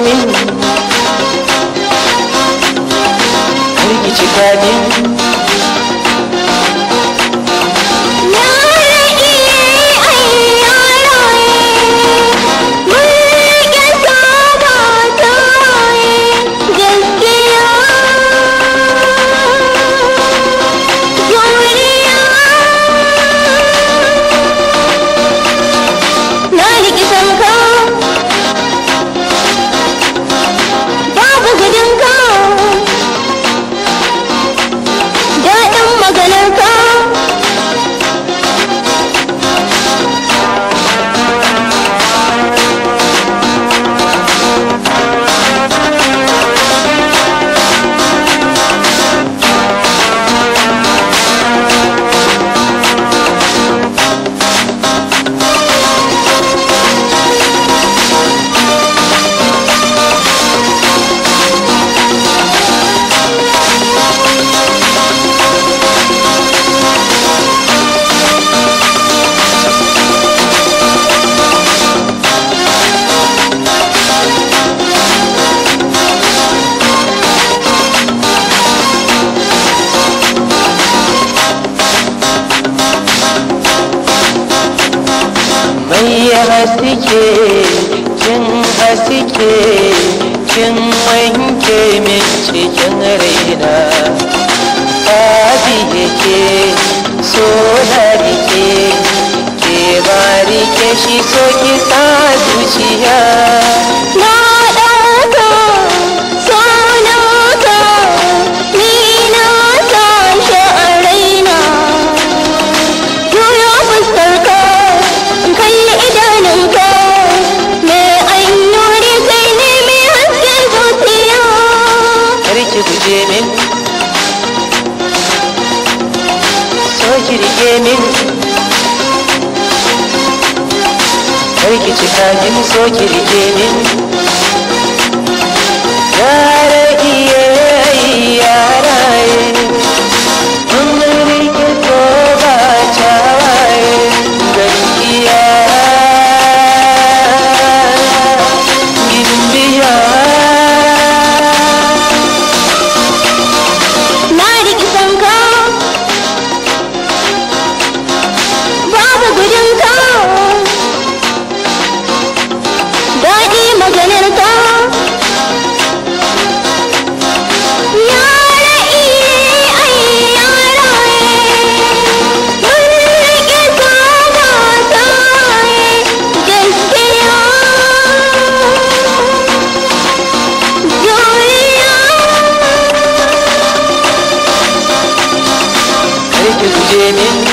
benim Her iki kalbim haske kin haske kin wanke min cikin raina abi yake so na rike ke ba rike shi so ki sa zuciya ki rike Kar ki cika so ki rike min Jimmy.